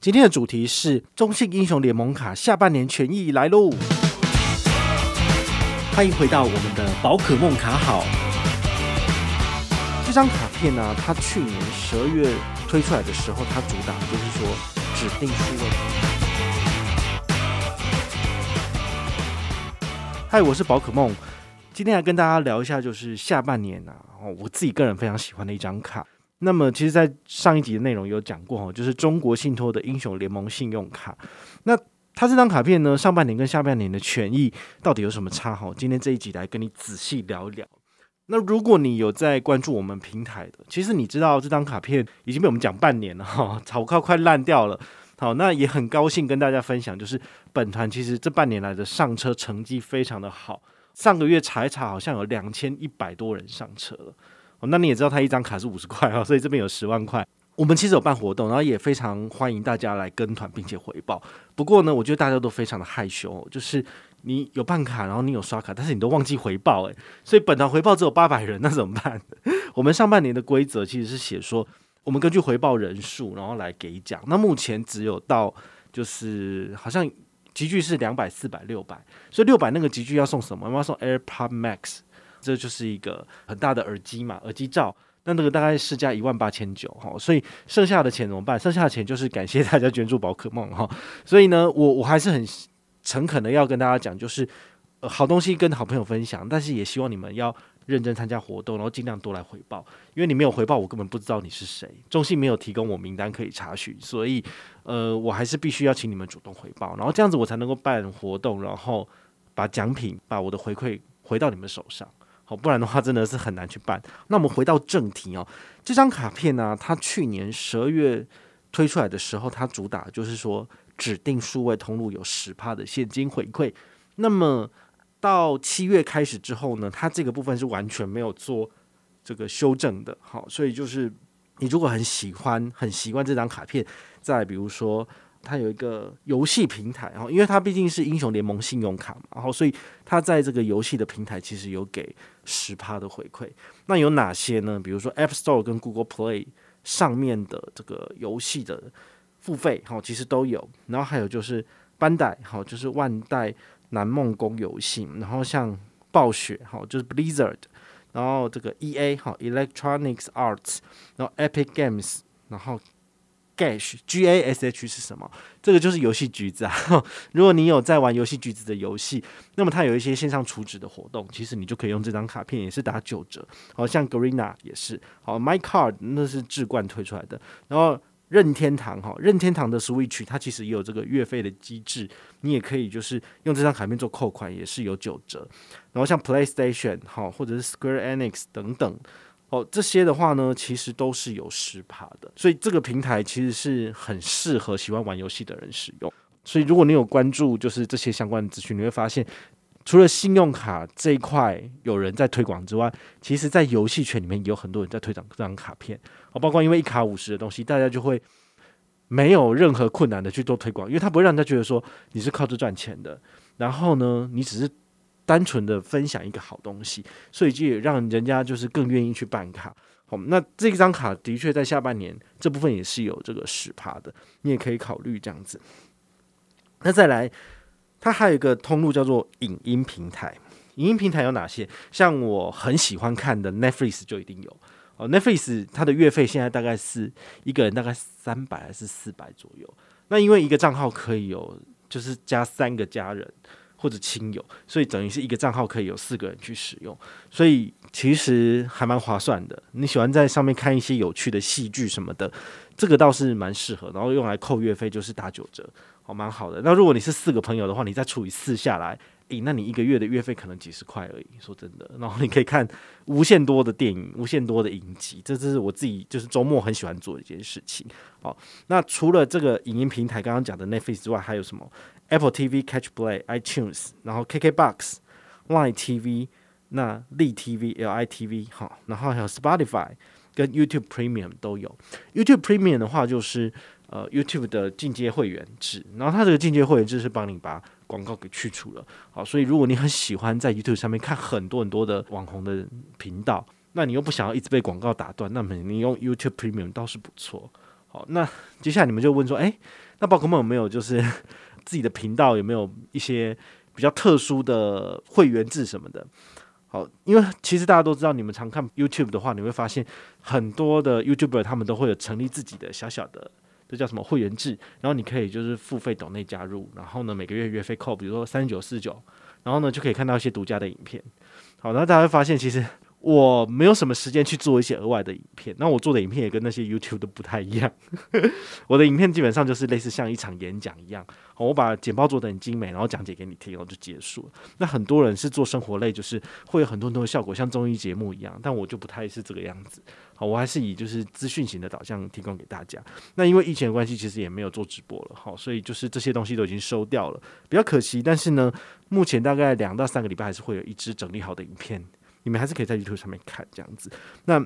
今天的主題是中信英雄聯盟卡，下半年權益來嘍！歡迎回到我們的寶可夢卡好。這張卡片呢、啊，它去年十二月推出來的時候，它主打的就是說指定出位。嗨，我是寶可夢，今天來跟大家聊一下，就是下半年啊，我自己個人非常喜歡的一張卡。那麼，其實，在上一集的內容有講過哈，就是中國信託的英雄聯盟信用卡。那它這張卡片呢，上半年跟下半年的權益到底有什麼差哈？今天這一集來跟你仔細聊一聊。那如果你有在關注我們平台的，其實你知道這張卡片已經被我們講半年了哈，炒到快爛掉了。好，那也很高興跟大家分享，就是本團其實這半年來的上車成績非常的好。上個月查一查，好像有兩千一百多人上車了。哦，那你也知道他一張卡是五十塊啊，所以這邊有十萬塊。我們其實有辦活動，然後也非常歡迎大家來跟團並且回報。不過呢，我覺得大家都非常的害羞、哦，就是你有辦卡，然後你有刷卡，但是你都忘記回報，誒，所以本團回報只有八百人，那怎麼辦？ 我們上半年的規則其實是寫說，我們根據回報人數，然後來給獎。那目前只有到就是好像級距是兩百、四百、六百，所以六百那個級距要送什麼？我們要送 AirPod Max。這就是一個很大的耳機嘛，耳機罩，那那個大概市價一萬八千九哈，所以剩下的錢怎麼辦？剩下的錢就是感謝大家捐助寶可夢哈、哦，所以呢，我我還是很誠懇的要跟大家講，就是、呃、好東西跟好朋友分享，但是也希望你們要認真參加活動，然後盡量多來回報，因為你沒有回報，我根本不知道你是誰，中信沒有提供我名單可以查詢，所以呃，我還是必須要請你們主動回報，然後這樣子我才能夠辦活動，然後把獎品把我的回饋回到你們手上。好，不然的話真的是很難去辦。那我們回到正題哦，這張卡片呢、啊，它去年十二月推出來的時候，它主打就是說指定數位通路有十趴的現金回饋。那麼到七月開始之後呢，它這個部分是完全沒有做這個修正的。好，所以就是你如果很喜歡、很習慣這張卡片，再比如說。它有一個遊戲平台，然後因為它畢竟是英雄聯盟信用卡嘛，然後所以它在這個遊戲的平台其實有給十趴的回饋。那有哪些呢？比如說 App Store 跟 Google Play 上面的這個遊戲的付費，哈，其實都有。然後還有就是 Bandai，哈，就是萬代南夢宮遊戲。然後像暴雪，哈，就是 Blizzard。然後這個 EA，哈，Electronics Arts。然後 Epic Games。然後。Gash, G A S H 是什麼？這個就是遊戲橘子啊呵呵！如果你有在玩遊戲橘子的遊戲，那麼它有一些線上儲值的活動，其實你就可以用這張卡片，也是打九折。好像 Garena 也是好 My Card 那是智冠推出來的，然後任天堂哈，任天堂的 Switch 它其實也有這個月費的機制，你也可以就是用這張卡片做扣款，也是有九折。然後像 PlayStation 哈，或者是 Square Enix 等等。哦，這些的話呢，其實都是有十趴的，所以這個平台其實是很適合喜歡玩遊戲的人使用。所以如果你有關注，就是這些相關的資訊，你會發現，除了信用卡這一塊有人在推廣之外，其實在遊戲圈裡面也有很多人在推廣這張卡片。哦，包括因為一卡五十的東西，大家就會沒有任何困難的去做推廣，因為它不會讓人家覺得說你是靠着賺錢的，然後呢，你只是。單純的分享一個好東西，所以就也讓人家就是更願意去辦卡。好，那這張卡的確在下半年這部分也是有這個十趴的，你也可以考慮這樣子。那再來，它還有一個通路叫做影音平台。影音平台有哪些？像我很喜歡看的 Netflix 就一定有哦。Netflix 它的月費現在大概是一個人大概三百還是四百左右。那因為一個賬號可以有，就是加三個家人。或者親友，所以等於是一個賬號可以有四個人去使用，所以其實還蠻划算的。你喜歡在上面看一些有趣的戲劇什麼的，這個倒是蠻適合。然後用來扣月費就是打九折，哦，蠻好的。那如果你是四個朋友的話，你再除以四下來。誒、欸，那你一個月的月費可能幾十塊而已，說真的。然後你可以看無限多的電影，無限多的影集，這這是我自己就是周末很喜歡做的一件事情。好，那除了這個影音平台剛剛講的 Netflix 之外，還有什麼？Apple TV、Catchplay、iTunes，然後 KKBox、Line TV、那 Li TV、LITV，哈，然後還有 Spotify 跟 YouTube Premium 都有。YouTube Premium 的話，就是呃 YouTube 的進階會員制，然後它這個進階會員制是幫你把。廣告給去除了。好，所以如果你很喜歡在 YouTube 上面看很多很多的網紅的頻道，那你又不想要一直被廣告打斷，那麼你用 YouTube Premium 倒是不錯。好，那接下來你們就問說，誒、欸，那寶可夢們有沒有就是自己的頻道有沒有一些比較特殊的會員制什麼的？好，因為其實大家都知道，你們常看 YouTube 的話，你會發現很多的 YouTuber 他們都會有成立自己的小小的。這叫什麼會員制？然後你可以就是付費抖內加入，然後呢每個月月費扣，比如說三九四九，然後呢就可以看到一些獨家的影片。好，然後大家會發現其實。我沒有什麼時間去做一些額外的影片，那我做的影片也跟那些 YouTube 都不太一樣。 我的影片基本上就是類似像一場演講一樣，我把簡報做的很精美，然後講解給你聽，然後就結束了。那很多人是做生活類，就是會有很多很多的效果，像綜藝節目一樣，但我就不太是這個樣子。好，我還是以就是資訊型的導向提供給大家。那因為疫情的關係，其實也沒有做直播了，好，所以就是這些東西都已經收掉了，比較可惜。但是呢，目前大概兩到三個禮拜還是會有一支整理好的影片。你們還是可以在 YouTube 上面看這樣子。那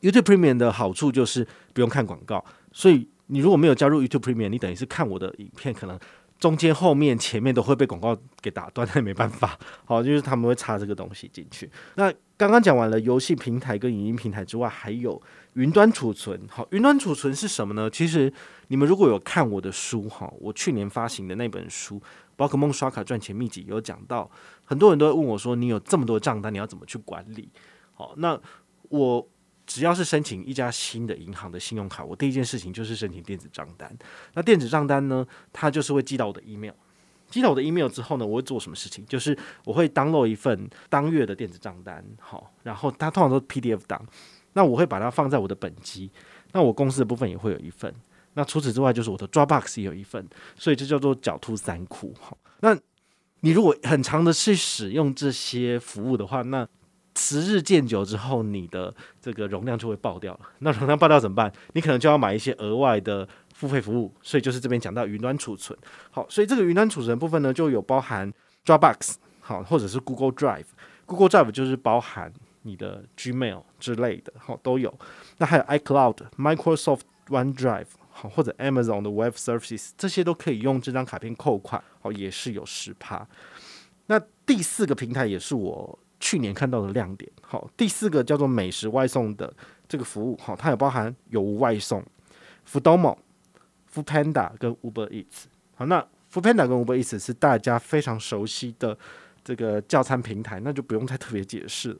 YouTube Premium 的好處就是不用看廣告，所以你如果沒有加入 YouTube Premium，你等於是看我的影片，可能中間、後面、前面都會被廣告給打斷，那也沒辦法。好，就是他們會插這個東西進去。那剛剛講完了遊戲平台跟影音平台之外，還有雲端儲存。好，雲端儲存是什麼呢？其實你們如果有看我的書，哈，我去年發行的那本書《寶可夢刷卡賺錢秘籍》有講到，很多人都會問我說，你有這麼多賬單，你要怎麼去管理？好，那我只要是申請一家新的銀行的信用卡，我第一件事情就是申請電子賬單。那電子賬單呢，它就是會寄到我的 email。接到我的 email 之後呢，我會做什麼事情？就是我會 download 一份當月的電子賬單，好，然後它通常都是 PDF 檔。那我會把它放在我的本機，那我公司的部分也會有一份，那除此之外就是我的 Dropbox 也有一份，所以這叫做狡兔三窟，好，那你如果很長的去使用這些服務的話，那時日漸久之後，你的這個容量就會爆掉了，那容量爆掉怎麼辦？你可能就要買一些額外的。付費服務，所以就是這邊講到雲端儲存，好，所以這個雲端儲存部分呢，就有包含 Dropbox 好，或者是 Google Drive, Google Drive，Google Drive 就是包含你的 Gmail 之類的，好，都有。那還有 iCloud、Microsoft OneDrive 好，或者 Amazon 的 Web Services，這些都可以用這張卡片扣款，好，也是有十趴。那第四個平台也是我去年看到的亮點，好，第四個叫做美食外送的這個服務，好，它有包含有無外送，Foodomo。Foodpanda 跟 Uber Eats，好，那 Foodpanda 跟 Uber Eats 是大家非常熟悉的這個叫餐平台，那就不用太特別解釋。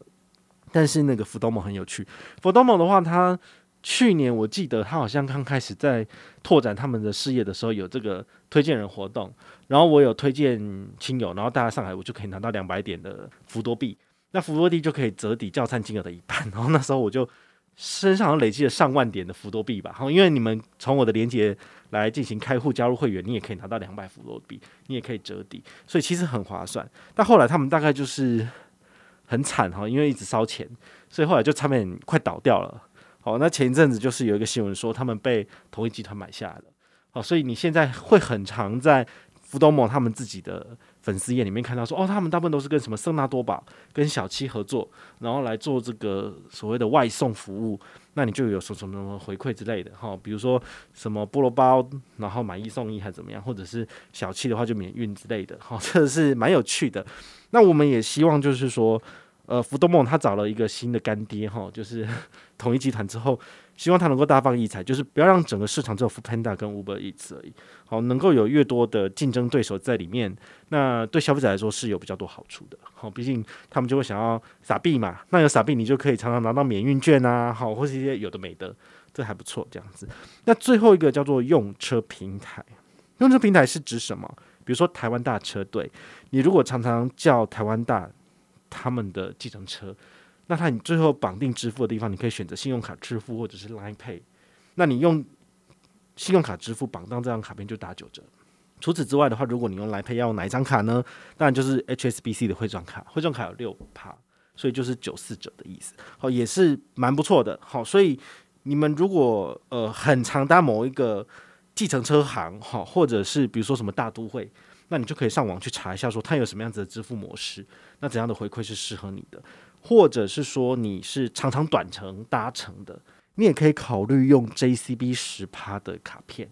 但是那個 Foodomo 很有趣，Foodomo 的話，它去年我記得它好像剛開始在拓展他們的事業的時候，有這個推薦人活動，然後我有推薦親友，然後大家上來，我就可以拿到兩百點的福多幣，那福多幣就可以折抵叫餐金額的一半，然後那時候我就。身上好像累積了上萬點的福多幣吧，好，因為你們從我的鏈接來進行開戶加入會員，你也可以拿到兩百福多幣，你也可以折抵，所以其實很划算。但後來他們大概就是很慘哈，因為一直燒錢，所以後來就差點快倒掉了。好，那前一陣子就是有一個新聞說他們被統一集團買下了。好，所以你現在會很常在福多盟他們自己的。粉絲頁裡面看到說，哦，他們大部分都是跟什麼聖娜多堡，跟小七合作，然後來做這個所謂的外送服務，那你就有什麼什麼什麼回饋之類的哈，比如說什麼菠蘿包，然後買一送一還是怎麼樣，或者是小七的話就免運之類的哈，這是蠻有趣的。那我們也希望就是說，呃，福多夢他找了一個新的乾爹哈，就是統一集團之後。希望它能夠大放異彩，就是不要讓整個市場只有 foodpanda 跟 Uber Eats 而已。好，能夠有越多的競爭對手在裡面，那對消費者來說是有比較多好處的。好，畢竟他們就會想要撒幣嘛，那有撒幣你就可以常常拿到免運券啊，好，或是一些有的沒的，這還不錯這樣子。那最後一個叫做用車平台，用車平台是指什麼？比如說台灣大車隊，你如果常常叫台灣大他們的計程車。那它，你最後綁定支付的地方，你可以選擇信用卡支付或者是 Line Pay。那你用信用卡支付綁到這張卡片就打九折。除此之外的話，如果你用 Line Pay 要用哪一張卡呢？當然就是 HSBC 的匯鑽卡，匯鑽卡有六趴，所以就是九四折的意思。好，也是蠻不錯的。好，所以你們如果呃很常搭某一個計程車行，好，或者是比如說什麼大都會，那你就可以上網去查一下，說它有什麼樣子的支付模式，那怎樣的回饋是適合你的。或者是說你是長程、短程搭乘的，你也可以考慮用 JCB 十趴的卡片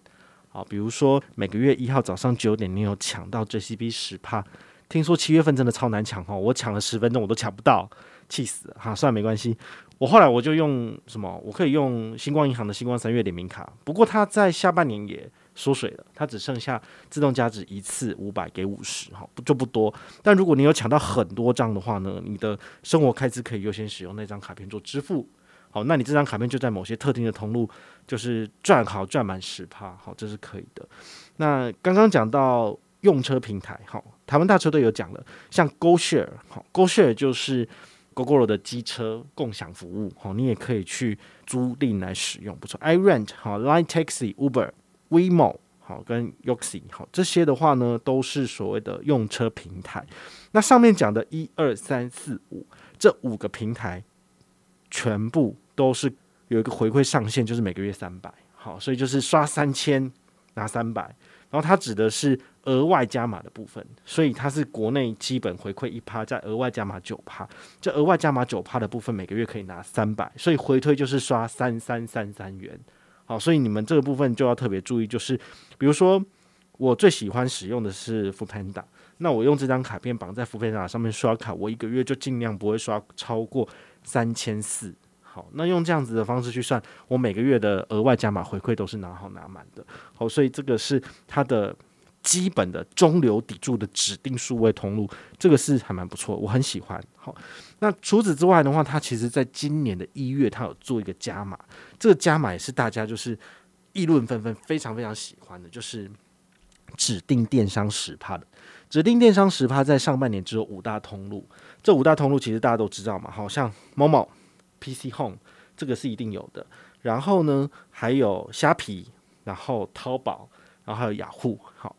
啊。比如說每個月一號早上九點，你有搶到 JCB 十趴，聽說七月份真的超難搶哦，我搶了十分鐘我都搶不到，氣死哈。算了，沒關係，我後來我就用什麼，我可以用新光銀行的新光三越聯名卡，不過它在下半年也。縮水了，它只剩下自動加值一次五百給五十哈，不就不多，但如果你有搶到很多張的話呢，你的生活開支可以優先使用那張卡片做支付。好，那你這張卡片就在某些特定的通路，就是賺好賺滿十趴，好，這是可以的。那剛剛講到用車平台，好，台灣大車隊有講了，像 GoShare，好，GoShare 就是 Gogoro 的機車共享服務，好，你也可以去租賃來使用，不錯。iRent，好，Line Taxi，Uber。WeMo 好，跟 Yoxi 好，這些的話呢，都是所謂的用車平台。那上面講的一、二、三、四、五，這五個平台全部都是有一個回饋上限，就是每個月三百。好，所以就是刷三千拿三百，然後它指的是額外加碼的部分，所以它是國內基本回饋一趴，再額外加碼九趴。這額外加碼九趴的部分，每個月可以拿三百，所以回推就是刷三三三三元。好，所以你們這個部分就要特別注意，就是比如說，我最喜歡使用的是富胖達，那我用這張卡片綁在富胖達上面刷卡，我一個月就盡量不會刷超過三千四。好，那用這樣子的方式去算，我每個月的額外加碼回饋都是拿好拿滿的。好，所以這個是它的。基本的中流砥柱的指定數位通路，這個是還蠻不錯，我很喜歡。好，那除此之外的話，它其實在今年的一月，它有做一個加碼，這個加碼也是大家就是議論紛紛，非常非常喜歡的，就是指定電商十趴的。指定電商十趴在上半年只有五大通路，這五大通路其實大家都知道嘛，好像 momo PC Home 這個是一定有的，然後呢還有蝦皮，然後淘寶。然後還有雅虎，好，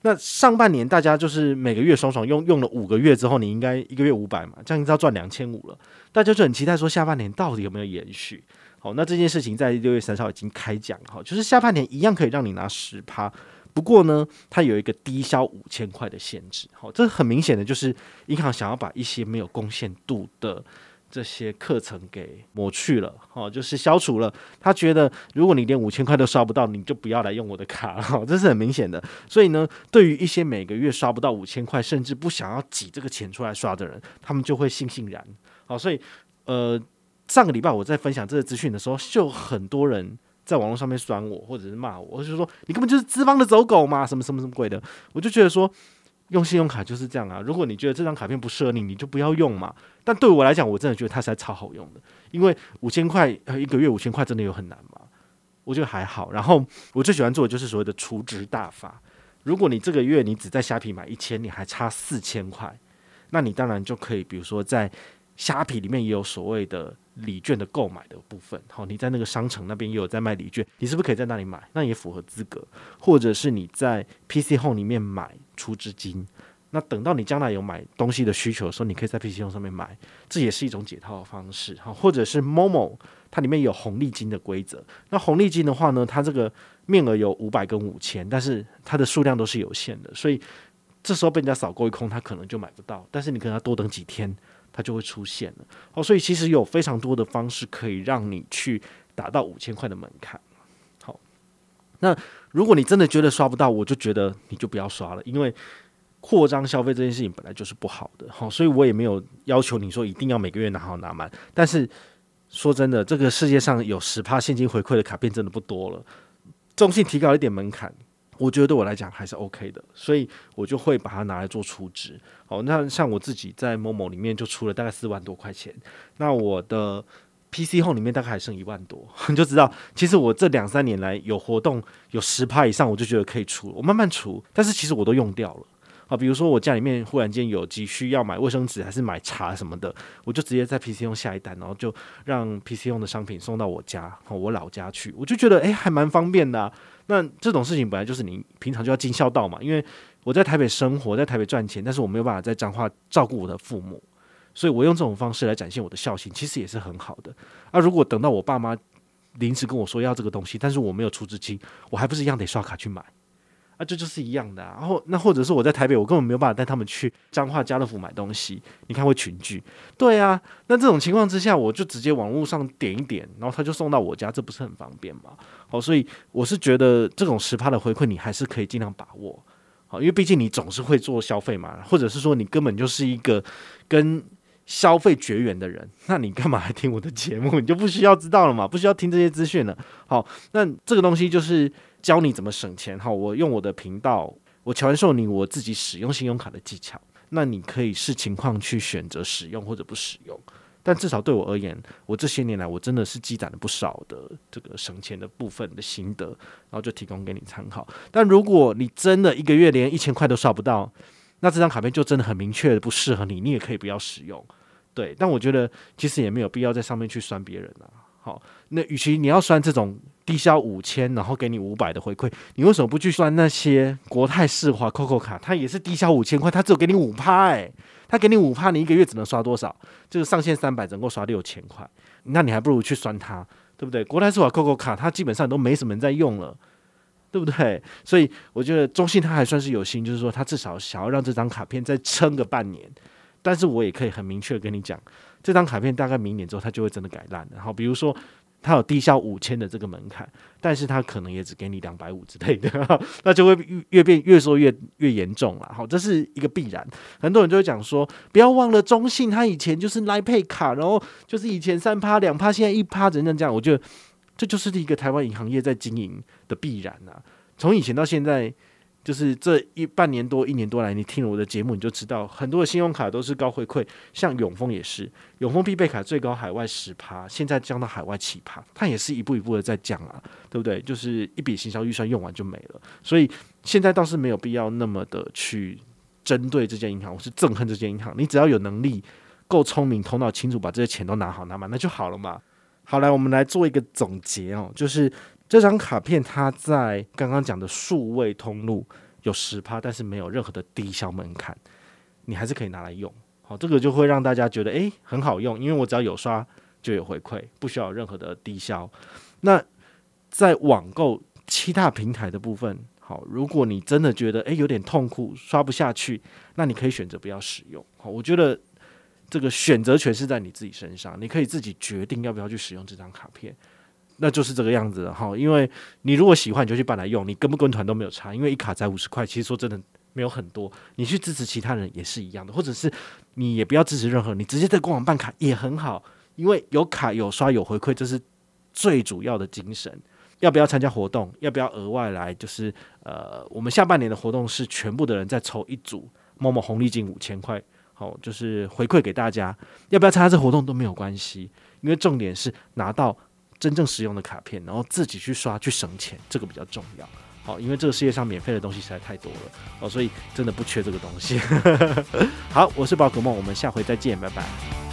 那上半年大家就是每個月爽爽用用了五個月之後，你應該一個月五百嘛，這樣你知道賺兩千五了。大家就很期待說下半年到底有沒有延續？好，那這件事情在六月三十號已經開講，哈，就是下半年一樣可以讓你拿十趴，不過呢，它有一個低消五千塊的限制，好，這很明顯的就是銀行想要把一些沒有貢獻度的。這些課程給抹去了，哦，就是消除了。他覺得，如果你連五千塊都刷不到，你就不要來用我的卡了，哦，這是很明顯的。所以呢，對於一些每個月刷不到五千塊，甚至不想要擠這個錢出來刷的人，他們就會悻悻然。好，哦，所以呃，上個禮拜我在分享這個資訊的時候，就很多人在網絡上面酸我，或者是罵我，我就說你根本就是資方的走狗嘛，什麼什麼什麼鬼的。我就覺得說。用信用卡就是這樣啊！如果你覺得這張卡片不適合你，你就不要用嘛。但對我來講，我真的覺得它實在超好用的，因為五千塊呃，一個月五千塊真的有很難嗎？我覺得還好。然後我最喜歡做的就是所謂的儲值大法。如果你這個月你只在蝦皮買一千，你還差四千塊，那你當然就可以，比如說在。蝦皮裡面也有所謂的禮券的購買的部分，好，你在那個商城那邊也有在賣禮券，你是不是可以在那裡買？那也符合資格，或者是你在 PC Home 裡面買出資金，那等到你將來有買東西的需求的時候，你可以在 PC Home 上面買，這也是一種解套的方式，好，或者是 Momo 它裡面有紅利金的規則，那紅利金的話呢，它這個面額有五百跟五千，但是它的數量都是有限的，所以這時候被人家掃購一空，它可能就買不到，但是你可能要多等幾天。它就會出現了哦，所以其實有非常多的方式可以讓你去達到五千塊的門檻。好，那如果你真的覺得刷不到，我就覺得你就不要刷了，因為擴張消費這件事情本來就是不好的。好，所以我也沒有要求你說一定要每個月拿好拿滿。但是說真的，這個世界上有十趴現金回饋的卡片真的不多了，中信提高一點門檻。我覺得對我來講還是 OK 的，所以我就會把它拿來做出值。好，那像我自己在某某裡面就出了大概四萬多塊錢，那我的 PC 後裡面大概還剩一萬多， 你就知道，其實我這兩三年來有活動有十趴以上，我就覺得可以出，我慢慢出，但是其實我都用掉了。啊，比如說我家裡面忽然間有急需要買衛生紙還是買茶什麼的，我就直接在 PC 用下一單，然後就讓 PC 用的商品送到我家我老家去，我就覺得哎還蠻方便的啊。那這種事情本來就是你平常就要盡孝道嘛，因為我在台北生活，在台北賺錢，但是我沒有辦法在彰化照顧我的父母，所以我用這種方式來展現我的孝心，其實也是很好的。啊，如果等到我爸媽臨時跟我說要這個東西，但是我沒有出資金，我還不是一樣得刷卡去買？啊，這就是一樣的啊，然後那或者是我在台北，我根本沒有辦法帶他們去彰化家樂福買東西。你看，會群聚，對啊。那這種情況之下，我就直接網絡上點一點，然後他就送到我家，這不是很方便嗎？好，所以我是覺得這種十趴的回饋，你還是可以盡量把握。好，因為畢竟你總是會做消費嘛，或者是說你根本就是一個跟消費絕緣的人，那你幹嘛來聽我的節目？你就不需要知道了嘛，不需要聽這些資訊了。好，那這個東西就是。教你怎麼省錢哈，我用我的頻道，我傳授你我自己使用信用卡的技巧。那你可以視情況去選擇使用或者不使用。但至少對我而言，我這些年來我真的是積攢了不少的這個省錢的部分的心得，然後就提供給你參考。但如果你真的一個月連一千塊都刷不到，那這張卡片就真的很明確的不適合你，你也可以不要使用。對，但我覺得其實也沒有必要在上面去酸別人了、啊。好，那與其你要酸這種。低消五千，然後給你五百的回饋，你為什麼不去算那些國泰世華 KOKO 卡？它也是低消五千塊，它只有給你五趴，哎，他給你五趴，你一個月只能刷多少？就是上限三百，只能夠刷六千塊，那你還不如去算它，對不對？國泰世華 KOKO 卡，它基本上都沒什麼人在用了，對不對？所以我覺得中信他還算是有心，就是說他至少想要讓這張卡片再撐個半年。但是我也可以很明確跟你講，這張卡片大概明年之後，它就會真的改爛。然後比如說。它有低消五千的這個門檻，但是它可能也只給你兩百五之類的、啊，那就會越變越說越越嚴重了。好，這是一個必然。很多人就會講說，不要忘了中信，它以前就是 LINE Pay 卡，然後就是以前三趴兩趴，現在一趴，等等這樣。我覺得這就是一個台灣銀行業在經營的必然吶、啊，從以前到現在。就是這一半年多一年多來，你聽了我的節目，你就知道很多的信用卡都是高回饋，像永豐也是，永豐必備卡最高海外十趴，現在降到海外七趴，它也是一步一步的在降啊，對不對？就是一筆行銷預算用完就沒了，所以現在倒是沒有必要那麼的去針對這間銀行，我是憎恨這間銀行，你只要有能力、夠聰明、頭腦清楚，把這些錢都拿好拿滿，那就好了嘛。好，來我們來做一個總結哦、喔，就是。這張卡片，它在剛剛講的數位通路有十趴，但是沒有任何的低消門檻，你還是可以拿來用。好，這個就會讓大家覺得，誒、欸、很好用，因為我只要有刷就有回饋，不需要任何的低消。那在網購其他平台的部分，好，如果你真的覺得，誒、欸、有點痛苦，刷不下去，那你可以選擇不要使用。好，我覺得這個選擇權是在你自己身上，你可以自己決定要不要去使用這張卡片。那就是這個樣子的哈，因為你如果喜歡，你就去辦來用，你跟不跟團都沒有差，因為一卡才五十塊，其實說真的沒有很多。你去支持其他人也是一樣的，或者是你也不要支持任何人，你直接在官網辦卡也很好，因為有卡有刷有回饋，這是最主要的精神。要不要參加活動？要不要額外來？就是呃，我們下半年的活動是全部的人在抽一組某某紅利金五千塊，好、哦，就是回饋給大家。要不要參加這活動都沒有關係，因為重點是拿到真正實用的卡片，然後自己去刷去省錢，這個比較重要。好，哦，因為這個世界上免費的東西實在太多了哦，所以真的不缺這個東西。 好，我是寶可夢，我們下回再見，拜拜。